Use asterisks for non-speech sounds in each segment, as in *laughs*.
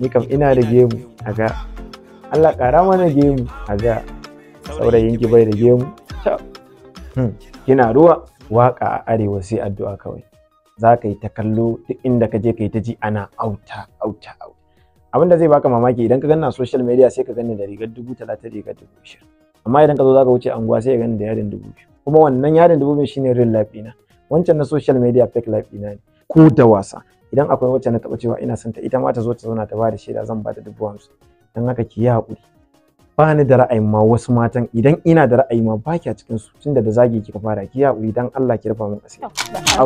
ni kam ina da gemu a ga Allah ƙara mana gemu a ga saurayin ki bai da gemu hmm. kina ruwa waka a arewa sai addu'a kawai za ka yi ta kallo duk inda ka je ka yi ta ji ana auta auta auta abin da zai baka mamaki idan ka ganna social media sai ka gani da rigar dubu talatin rigar dubu shir amma idan ka zo za ka wuce anguwa sai ka ganni da yarin dubu biyu kuma wannan yarin dubu biyu shine real life na wancan na social media fake life na ne ko da wasa idan akwai wacce na taɓa cewa ina son ta ita ma ta zo ta zauna ta ba da shaida zan ba ta dubu hamsin don haka ki yi haƙuri ba ni da ra'ayin ma wasu matan idan ina da ra'ayi ma ba kya cikin su tunda da zagi kika fara ki yi haƙuri, dan Allah ki rufa min asiri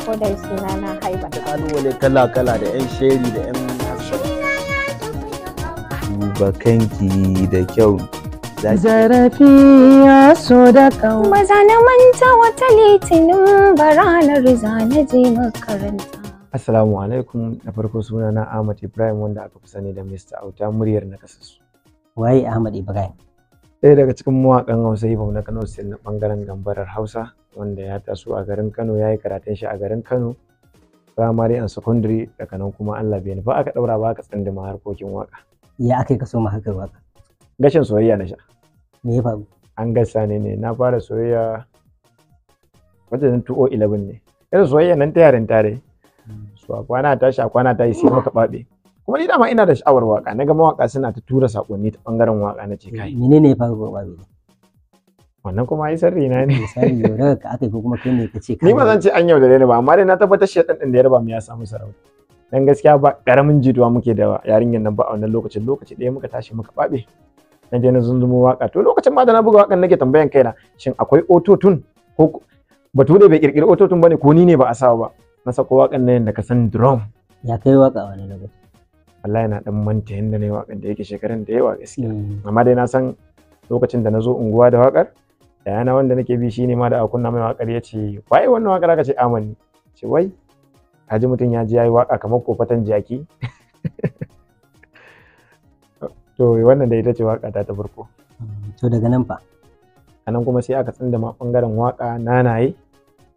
ko da suna na haiba kalubale kala kala da yan sheri da yan duba kanki da kyau zarafi ya so da kawo. maza na manta wata litinin baranar zane je makaranta Assalamu alaikum da farko suna na Ahmad Ibrahim wanda aka fi sani da Mr. Auta muryar na kasarsu. Waye Ahmad Ibrahim? Ɗaya daga cikin mawaƙan Hausa Hibam na Kano sai na ɓangaren gambarar Hausa wanda ya taso a garin Kano ya yi karatun shi a garin Kano primary and secondary daga nan kuma Allah bai nufa aka ɗaura ba aka tsandima harkokin waƙa. Ya aka yi kaso ma haka waƙa? Gashin soyayya na sha. Me ya faru? An gasa ne ne na fara soyayya wajen 2011 ne. Irin soyayya nan ta yarinta tare. so a kwana tashi a kwana yi sai maka babe kuma ni dama ina da sha'awar waka na ga mawaƙa suna ta tura sakonni ta bangaren waka na ce mm, kai ne fa ruwa babe wannan kuma ai sarri na ne sarri yau ka aka ko kuma kai ne ka ce ni ba zan ce an yaudare ni ba amma dai na tabbatar dan din da yarba mu ya samu sarauta dan gaskiya ba karamin jituwa muke da yarinyar nan ba a wannan lokacin lokaci ɗaya muka tashi muka babe na je na zunzumo waka to lokacin ma da na buga wakan nake tambayan kaina shin akwai ototun ko ne bai kirkiri ototun bane ko ni ne ba a sawa ba na sako waƙan nan da ka san drum ya kai waƙa wani lokaci wallahi na dan manta yanda ne wakan da yake shekarun da yawa gaskiya mm. amma dai na san lokacin da na zo unguwa da waƙar da yana wanda nake bi shine ma da a kunna mai waƙar ya ce wai wannan waƙar aka ce amani ce wai ji mutum ya ji yayi waƙa kamar kofatan jaki *laughs* to wannan da ita ce waƙa ta ta farko to daga nan fa anan kuma sai aka ma bangaren waƙa nanaye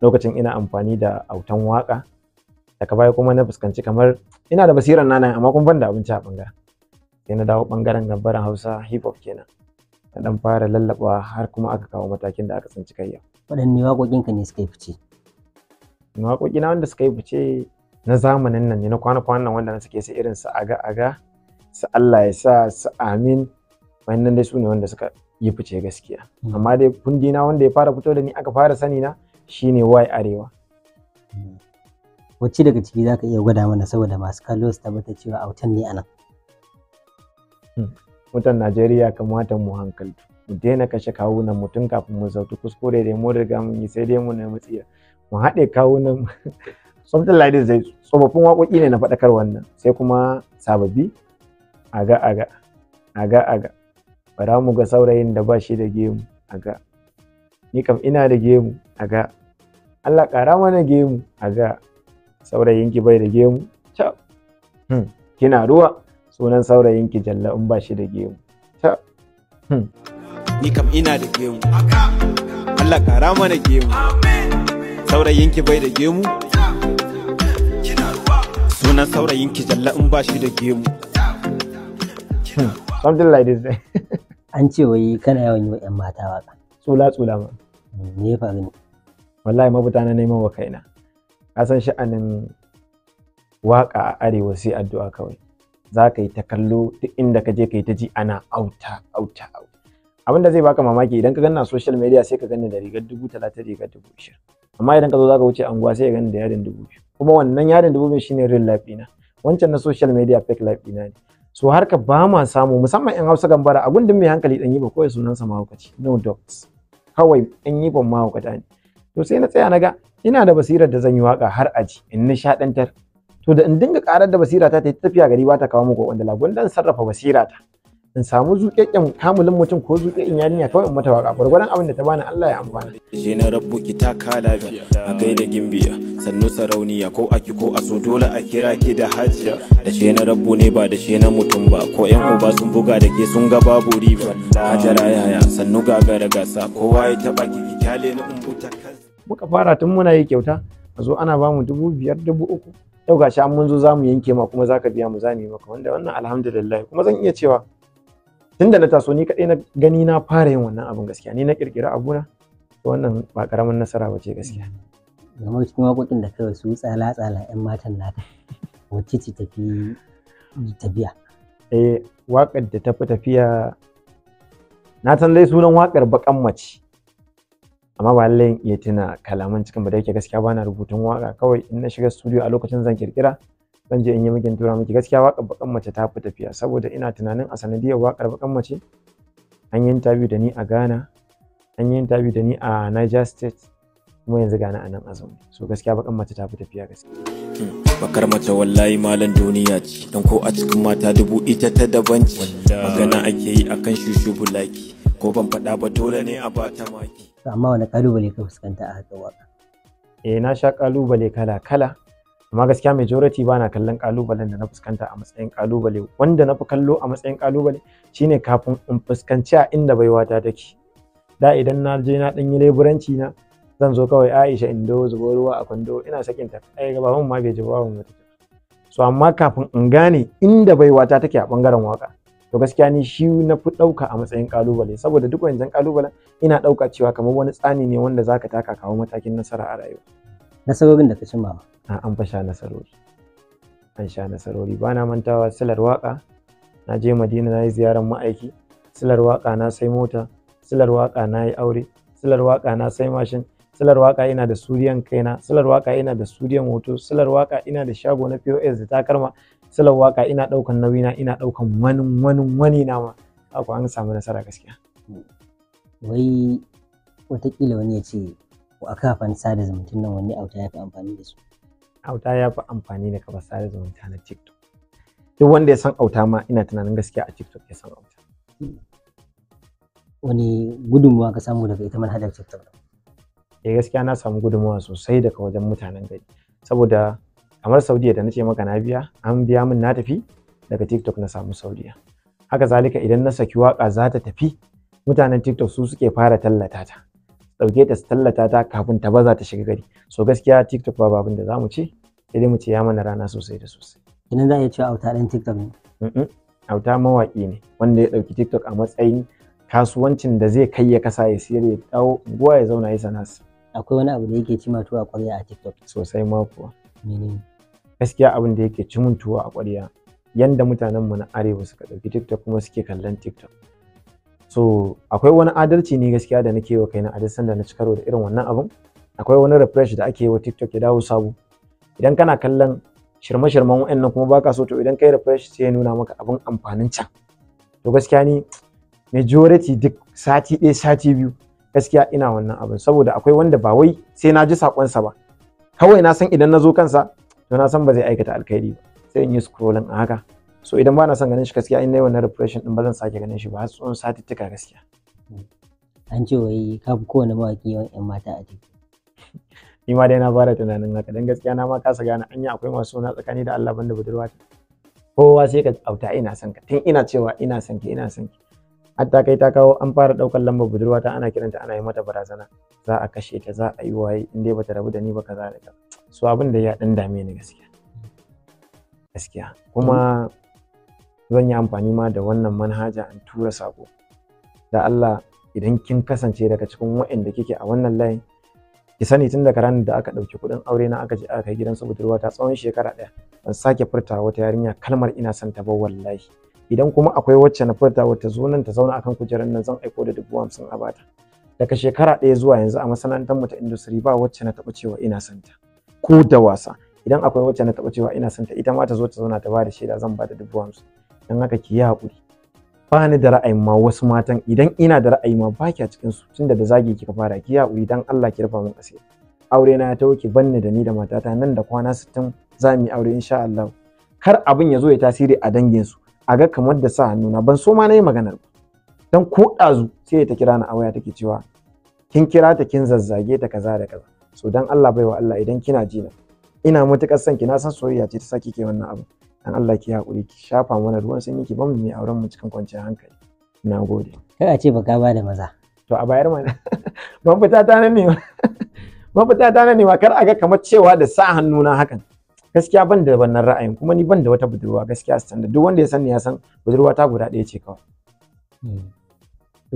lokacin ina amfani da autan waka daga baya kuma na fuskanci kamar ina da basiran nana amma kuma ban da abinci a bangaren sai na dawo bangaren gambaran hausa hip hop kenan na dan fara lallaba har kuma aka kawo matakin da aka tsinci kai yau waɗanne waƙoƙinka ne suka yi fice waƙoƙi na wanda suka yi fice na zamanin nan ne na kwana kwana wanda na suke sai irin su aga aga su Allah ya sa su amin wannan dai su ne wanda suka yi fice gaskiya hmm. amma dai kundi na wanda ya fara fito da ni aka fara sani na shine y arewa wacce daga ciki za ka iya gwada mana saboda masu kallo su tabbata cewa autan ne anan mutan hmm. najeriya kamata mu hankali mu daina kashe kawunan mutum kafin mu zautu kuskure da mu riga mun yi sai dai mu na matsiya, mu haɗe kawunan *laughs* something like this tsofaffin waƙoƙi ne na faɗakar wannan sai kuma sababi, aga aga aga aga bara mu ga saurayin da ba shi da gemu aga ni kam ina da gemu a ga Allah ƙara mana gemu a ga saurayin ki bai da gemu ta hmm. kina ruwa sunan saurayin ki jalla in ba shi da gemu ta hmm. ni kam ina da gemu Allah ƙara mana gemu Saurayin ki bai da gemu sunan saurayin ki jalla in ba shi da gemu hmm. something like this *laughs* an ce wai kana yawan yi wa 'yan mata waka tsula tsula ma me ya faru ne wallahi mabuta na neman wa kaina ka san sha'anin waka a arewa sai addu'a kawai za ka yi ta kallo duk inda ka je ka yi ta ji ana auta auta abin da zai baka mamaki idan ka ganna social media sai ka ganni da rigar dubu talatin rigar dubu ashirin amma idan ka zo za ka wuce anguwa sai ka ganni da yadin dubu biyu kuma wannan yadin dubu biyu shine real life wancan na social media fake life ɗina ne so har ka ba ma samu musamman 'yan hausa gambara a gundun mai hankali dan yi ba kawai sunansa mahaukaci no dogs kawai in yi ban mahaukata ne to sai na tsaya na ga ina da basirar da zan yi waka har aji in nishaɗantar to da in dinga karar da basirata ta yi tafiya gari ba ta kawo muku wanda lagun dan sarrafa basirata ta in samu zuƙeƙen kamulin mutum ko zuƙaƙƙen yarinya kawai in mata waka gwargwaron abin da ta bani Allah ya amfana je na rabu ki ta ka lafiya a da gimbiya sannu sarauniya ko aki ko so dole a kira ki da hajiya da she na rabu ne ba da she na mutum ba ko yan uba sun buga da ke sun ga babu riba hajara yaya sannu gagara gasa kowa ya taɓa ki kyale na umbuta muka fara tun muna yi kyauta a zo ana bamu dubu biyar dubu uku yau gashi an mun zo za mu yanke ma kuma za ka biya mu za mu yi maka wanda wannan alhamdulillah kuma zan iya cewa tunda na taso ni kaɗai na gani na fara yin wannan abin gaskiya ni na kirkira abuna to wannan ba ƙaramin nasara ba ce gaskiya zama cikin waƙoƙin da kawai su tsala tsala yan matan naka wacce ce tafi tafiya eh waƙar da tafi tafiya na san dai sunan waƙar baƙan mace amma ba lallai in iya tuna kalaman cikin ba da yake gaskiya ba na rubutun waƙa kawai in na shiga studio a lokacin zan kirkira zan je in yi miki tura miki gaskiya waƙar bakan mace ta fi tafiya saboda ina tunanin a sanadiyar waƙar bakan mace an yi interview da ni a Ghana an yi interview da ni a Niger State kuma yanzu gana a nan azumi so gaskiya bakan mace ta fi tafiya gaskiya hmm, bakar mata wallahi malam duniya ce don ko a cikin mata dubu ita ta daban ce magana ake yi akan shushu bulaki ko ban faɗa ba dole ne a ba ta maki amma wani kalubale ka fuskanta a haka waka eh na sha kalubale kala kala amma gaskiya majority ba na kallon kalubalen da na fuskanta a matsayin kalubale wanda na fi kallo a matsayin kalubale shine kafin in fuskanci a inda baiwata take da idan na je na dan yi leburanci na zan zo kawai Aisha in do zubo ruwa a kwando ina sakin ta ai gaba mun ma bai ji babu so amma kafin in gane inda baiwata take a bangaren waka to gaskiya ni shi na fi ɗauka a matsayin kalubale saboda duk wancan kalubalen ina ɗauka cewa kamar wani tsani ne wanda zaka taka kawo matakin nasara a rayuwa nasarorin da ka cimma ba. an fa nasarori an sha nasarori ba na mantawa silar waka na je madina na yi ziyarar ma'aiki silar waka na sai mota silar waka na yi aure silar waka na sai mashin silar waka ina da suriyan kaina silar waka ina da suriyan hoto silar waka ina da shago na pos da takarma silar waka ina ɗaukan nauyina ina ɗaukan wani wani wani na ma an samu nasara gaskiya wai watakila wani ya ce a kafan sada zumunta nan wanne auta ya fi amfani da su auta ya fi amfani da kafa sada zumunta na tiktok duk wanda ya san auta ma ina tunanin gaskiya a tiktok ya san auta wani gudunmawa ka samu daga ita manhajar tiktok eh gaskiya na samu gudunmawa sosai daga wajen mutanen gari saboda kamar saudiya da na ce maka na biya an biya min na tafi daga tiktok na samu saudiya haka zalika idan na saki waka za ta tafi mutanen tiktok su suke fara tallata ta dauke ta su tallata ta kafin ta baza ta shiga gari so gaskiya tiktok ba abin da zamu ce sai dai mu ce ya mana rana sosai da sosai idan za a iya cewa auta ɗan tiktok ne auta mawaƙi ne wanda ya ɗauki tiktok a matsayin kasuwancin da zai kai ya kasa ya siyar ya dawo guwa ya zauna ya sana'arsa akwai wani abu da yake ci tuwa a ƙwarya a tiktok sosai ma kuwa gaskiya abin da yake ci mutuwa a ƙwarya yanda mutanen mu na arewa suka ɗauki tiktok kuma suke kallon tiktok so akwai wani adalci ne gaskiya da nake wa kaina a duk sanda na ci karo da irin wannan abun akwai wani refresh da ake yi wa TikTok ya dawo sabo idan kana kallon shirme-shirmen wa'annan kuma baka so to idan kai refresh sai ya nuna maka abin amfanin can to gaskiya ni majority duk sati ɗaya sati biyu gaskiya ina wannan abin saboda akwai wanda ba wai sai na ji saƙonsa ba kawai na san idan na zo kansa to na san ba zai aikata alkhairi ba sai in yi scrolling a haka so idan ba na son ganin shi gaskiya in nayi wannan repression din ba zan sake ganin shi ba har tsawon satuttuka gaskiya an ce wai ka fi kowane mawaƙi yawan 'yan mata a ciki *laughs* ni ma dai na fara tunanin haka dan gaskiya na ma kasa gane anya akwai masu na tsakani da Allah banda budurwa kowa sai ka auta ina son ka tun ina cewa ina son ki ina son ki hatta kai ta kawo an fara daukar lambar budurwa ta ana kiranta ana yi mata barazana za a kashe ta za a yi waye in dai bata rabu da ni ba kaza da ka so abin da ya dan dame ni gaskiya gaskiya kuma zan yi amfani ma da wannan manhaja in tura sako da Allah idan kin kasance daga cikin wa'inda kike a wannan layin ki sani tun daga ranar da aka ɗauki kuɗin aure na aka je aka kai gidan budurwa ta tsawon shekara ɗaya ban sake furta wata yarinya kalmar ina son ta ba wallahi idan kuma akwai wacce na furta wata zo nan ta zauna akan kujerar nan zan aiko da dubu hamsin a bata daga shekara ɗaya zuwa yanzu a masana'antar mu ta industry ba wacce na taɓa cewa ina son ta ko da wasa idan akwai wacce na taɓa cewa ina son ta ita ma ta zo ta zauna ta ba da shaida zan ba da dubu hamsin don haka ki yi haƙuri ba ni da ra'ayin ma wasu matan idan ina da ra'ayi ma ba a cikin su tunda da zagi kika fara ki yi haƙuri dan Allah ki rufa min asiri aure na ya tawo ki banni da ni da matata nan da kwana sittin za mu yi aure insha Allah kar abin ya zo ya tasiri a dangin su a ga kamar da sa hannuna ban so ma na yi maganar ba dan ko ɗazu sai ta kira ni a waya take cewa kin kira ta kin zazzage ta kaza da kaza so dan Allah baiwa Allah idan kina jina ina matuƙar son ki na san soyayya ce ta saki ke wannan abu dan Allah ki haƙuri ki shafa mana ruwan sanyi ki bamu mai auren mu cikin kwanciyar hankali na gode kar a ce ba ba da maza to a bayar mana ban *laughs* fita ta nan ne Ban *laughs* fita ta nan ne ma kar a ga kamar cewa da sa hannu na hakan gaskiya ban da wannan ra'ayin kuma ni ban da wata budurwa gaskiya da duk wanda ya sani ya san budurwa ta guda ɗaya ce kawai hmm.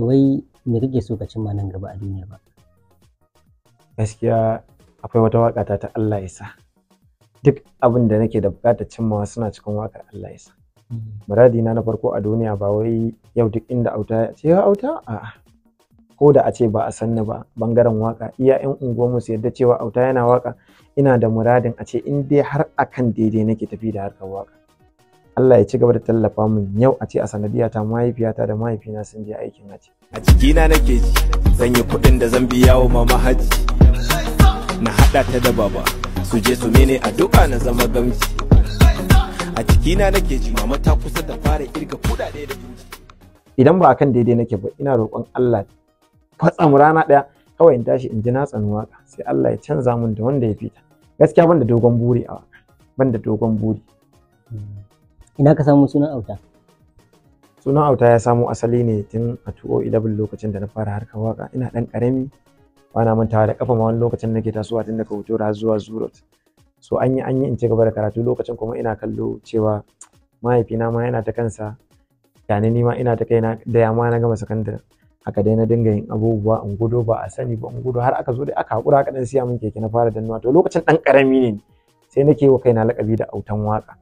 to wai me kake so ka cimma nan gaba a duniya ba gaskiya akwai wata waƙa ta ta Allah ya sa duk abin da nake da bukatar cimmawa suna cikin wakar Allah ya sa muradi na na farko a duniya ba wai yau duk inda auta ya ce ya auta a'a ko da a ce ba a sanni ba bangaren waka iya yan unguwarmu su yadda cewa auta yana waka ina da muradin a ce in dai har akan daidai nake tafi da harkar waka Allah ya ci gaba da tallafa min yau a ce a sanadiyata mahaifiyata da mahaifina sun je aikin haji a na nake ji zan yi kuɗin da zan biya wa mama haji na haɗa ta da baba su je su mene a duka na zama gamci a ciki na nake ji mama ta kusa da fara kirga kudade da idan ba akan daidai nake ba ina roƙon Allah kwatsam rana ɗaya kawai in tashi in ji na tsanu waka sai Allah ya canza mun da wanda ya fita gaskiya ban da dogon buri a waka ban da dogon buri ina ka samu sunan auta sunan auta ya samo asali ne tun a 2011 lokacin da na fara harkar waka ina dan karami bana mantawa da kafa ma wani lokacin nake tasowa tun daga hoto har zuwa zurot so an yi an yi in ci gaba da karatu lokacin kuma ina kallo cewa mahaifina ma yana ta kansa da ni ma ina ta kaina da ma na gama sakandare aka dai na dinga yin abubuwa in gudo ba a sani ba in gudo har aka zo dai aka hakura aka dan siya min keke na fara dannuwa to lokacin dan karami ne sai nake wa kaina lakabi da autan waka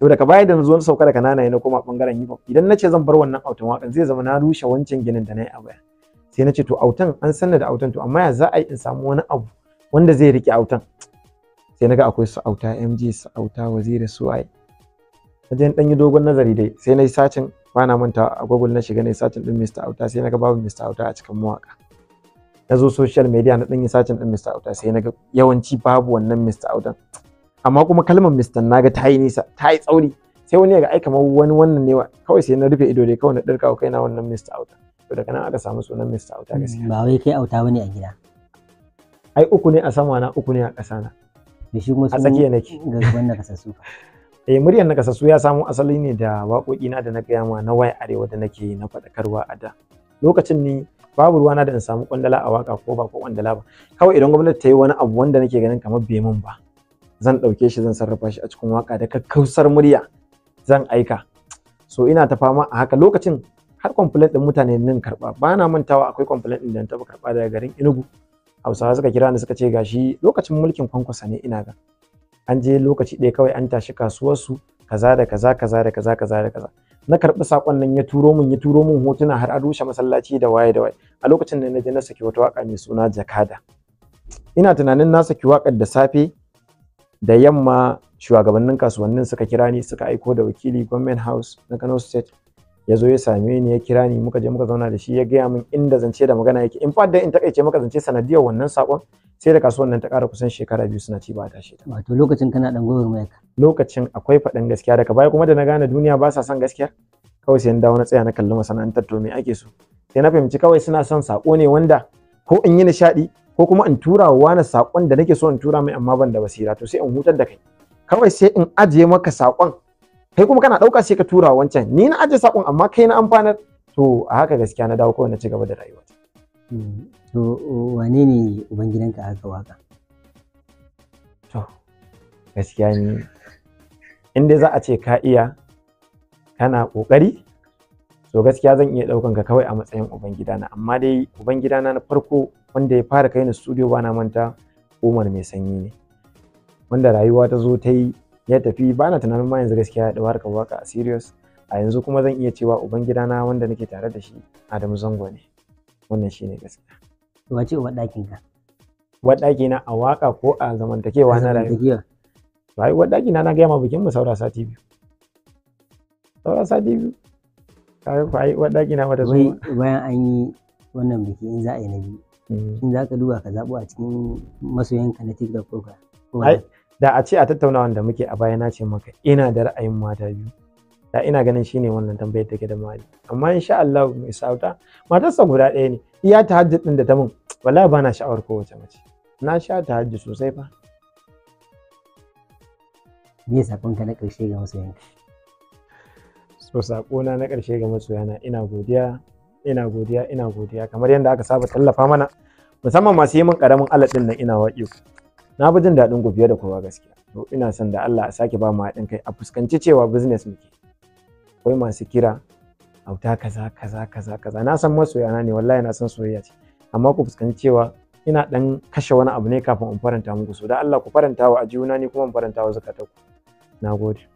to daga baya da zuwan sauka da nanaye na koma bangaren hip hop idan nace zan bar wannan autan wakan zai zama na rushe wancan ginin da na yi a baya sai na ce to autan an sanna da autan to amma ya za a yi in samu wani abu wanda zai rike autan sai na ga akwai su auta mg su auta waziri su ai na je dan yi dogon nazari dai sai na yi sacin bana manta a google na shiga na yi sacin din mr auta sai na ga babu mr auta a cikin mawaka na zo social media na dan yi sacin din mr auta sai na ga yawanci babu wannan mr Auta. amma kuma kalmar mr naga ta yi nisa ta yi tsauri sai wani ya ga ai kamar wani wannan ne kawai sai na rufe ido dai kawai na dirka kai na wannan mr auta to daga nan aka samu sunan Mr. Auta hmm, gaskiya ba wai kai auta bane a gida ai uku ne a sama na uku ne a ƙasa na da shi kuma a tsakiya gaban na kasasu. *laughs* eh muryar na kasasu ya samu asali ne da waƙoƙi na da na gaya ma na waya arewa da nake na faɗakarwa a da lokacin ni babu ruwana da in samu kwandala a waka ko ba ko kwandala ba kawai idan gwamnati ta yi wani abu wanda nake ganin kamar bai mun ba zan ɗauke shi zan sarrafa shi a cikin waka da kakkausar murya zan aika so ina ta fama a haka lokacin har complaint din mutane nan karba ba na mantawa akwai complaint din da na taba karba daga garin Enugu Hausawa suka kira ni suka ce gashi lokacin mulkin kwankwasa ne ina ga an je lokaci ɗaya kawai an tashi kasuwar su kaza da kaza kaza da kaza kaza da kaza na karbi sakon nan ya turo min ya turo min hotuna har an rushe masallaci da waye da waye a lokacin da na je na saki wata waka mai suna jakada ina tunanin na saki wakar da safe da yamma shugabannin kasuwannin suka kira ni suka aiko da wakili government house na Kano state ya zo ya same ni ya kira ni muka je muka zauna da shi ya gaya min inda zance da magana yake in fact dai in takaice maka zance sanadiyar wannan sakon sai da kasuwan nan ta ƙara kusan shekara biyu suna ci ba ta shi wato lokacin kana dan goyon mai lokacin akwai faɗin gaskiya daga baya kuma da na gane duniya ba sa son gaskiya kawai sai na dawo na tsaya na kalli masana'antar to me ake so sai na fahimci kawai suna son sako ne wanda ko in yi nishaɗi ko kuma in tura wa wani sakon da nake so in tura mai amma ban da basira to sai in hutar da kai kawai sai in ajiye maka sakon kai kuma kana ɗauka sai ka tura wancan ni na ajiye sakon amma kai na amfanar to a haka gaskiya na dawo kawai na ci gaba da rayuwa to wane ne ubangidanka haka waka to gaskiya ni in dai za a ce ka iya kana ƙoƙari to gaskiya zan iya ɗaukan ka kawai a matsayin ubangidana amma dai ubangidana na farko wanda ya fara kai ni studio bana manta Umar mai sanyi ne wanda rayuwa ta zo ta yi ya tafi ba na tunanin ma yanzu gaskiya ya ɗau harkar waka a serious a yanzu kuma zan iya cewa uban gidana wanda nake tare da shi adam Zango ne wannan shi ne gaskiya wace uwar ɗakin ka uwar ɗaki na a waka ko a zamantakewa na rayuwa bai uwar ɗaki na na ga ma bikin mu saura sati biyu saura sati biyu kai kai ai uwar ɗaki na wata zuwa bayan an yi wannan biki in za a yi na biyu mm. in za ka duba ka zaɓo a cikin masoyanka na TikTok ko ka da a ce a tattauna da muke a baya na ce maka ina da ra'ayin mata biyu da ina ganin shine wannan tambayar take da mali amma insha Allah mai sauta matarsa guda ɗaya ne iya tahajjud din da ta mun wallahi bana sha'awar kowace mace na sha tahajjud sosai fa me ka na ƙarshe ga masoyanka so sakona na ƙarshe ga masoyana ina godiya ina godiya ina godiya kamar yadda aka saba tallafa mana musamman masu yi min karamin alaɗin din nan ina waƙi na fi jin daɗin ku da kowa gaskiya to ina son da Allah a sake ba mu haɗin kai a fuskanci cewa business muke akwai masu kira auta kaza kaza kaza kaza na san masoya na ne wallahi na san soyayya ce amma ku fuskanci cewa ina ɗan kashe wani abu ne kafin in faranta muku so da Allah ku faranta wa ajiyuna ne kuma in faranta wa zakatanku nagode